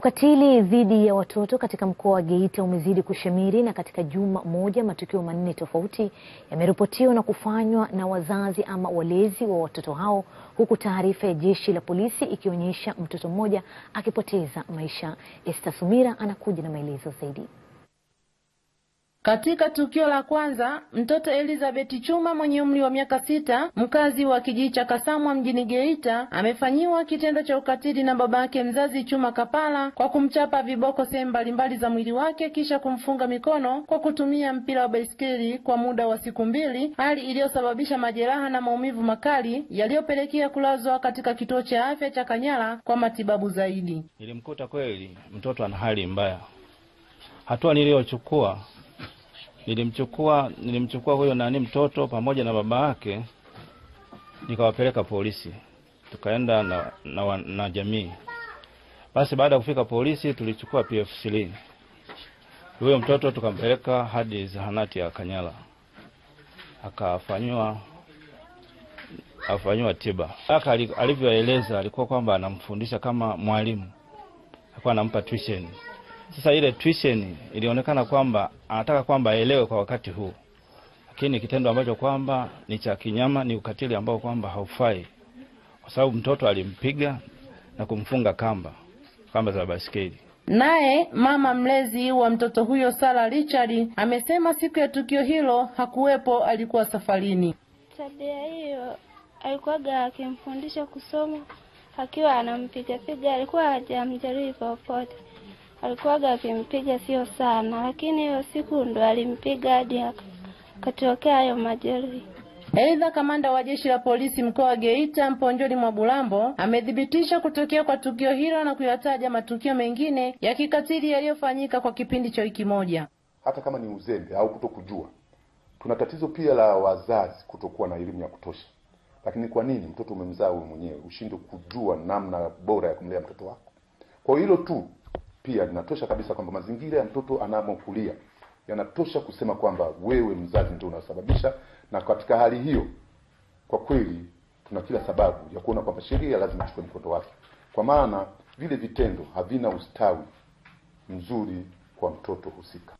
Ukatili dhidi ya watoto katika mkoa wa Geita umezidi kushamiri na katika juma moja matukio manne tofauti yameripotiwa na kufanywa na wazazi ama walezi wa watoto hao huku taarifa ya jeshi la polisi ikionyesha mtoto mmoja akipoteza maisha. Esther Sumira anakuja na maelezo zaidi. Katika tukio la kwanza, mtoto Elizabeth Chuma mwenye umri wa miaka sita, mkazi wa kijiji cha Kasamwa mjini Geita, amefanyiwa kitendo cha ukatili na babake mzazi Chuma Kapala kwa kumchapa viboko sehemu mbalimbali za mwili wake kisha kumfunga mikono kwa kutumia mpira wa baisikeli kwa muda wa siku mbili, hali iliyosababisha majeraha na maumivu makali yaliyopelekea kulazwa katika kituo cha afya cha Kanyala kwa matibabu zaidi. Nilimkuta kweli mtoto ana hali mbaya. Hatua niliyochukua Nilimchukua nilimchukua huyo nani mtoto pamoja na baba yake, nikawapeleka polisi, tukaenda na, na, na jamii. Basi baada ya kufika polisi, tulichukua pfc huyo mtoto tukampeleka hadi zahanati ya Kanyala akafanywa afanywa tiba. aka alivyoeleza alikuwa kwamba anamfundisha kama mwalimu, alikuwa anampa tuition. Sasa ile tuition ilionekana kwamba anataka kwamba aelewe kwa wakati huu, lakini kitendo ambacho kwamba ni cha kinyama, ni ukatili ambao kwamba haufai, kwa sababu mtoto alimpiga na kumfunga kamba kamba za baiskeli Naye mama mlezi wa mtoto huyo Sara Richard amesema siku ya tukio hilo hakuwepo, alikuwa safarini. Tabia hiyo alikuwaga akimfundisha kusoma akiwa anampigapiga, alikuwa hajamjeruhi popote alikuwaga akimpiga sio sana, lakini hiyo siku ndo alimpiga hadi akatokea hayo majeruhi. Aidha, kamanda wa jeshi la polisi mkoa wa Geita Mponjoli bulambo amethibitisha kutokea kwa tukio hilo na kuyataja matukio mengine ya kikatili yaliyofanyika kwa kipindi cha wiki moja. Hata kama ni uzembe au kutokujua, tuna tatizo pia la wazazi kutokuwa na elimu ya kutosha. Lakini kwa nini mtoto umemzaa wewe mwenyewe ushindwe kujua namna bora ya kumlea mtoto wako? Kwa hilo tu pia linatosha kabisa kwamba mazingira ya mtoto anamokulia yanatosha kusema kwamba wewe mzazi ndio unasababisha. Na katika hali hiyo, kwa kweli tuna kila sababu ya kuona kwamba sheria lazima ichukue mkondo wake, kwa maana vile vitendo havina ustawi mzuri kwa mtoto husika.